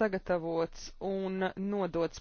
sagatavots un nodots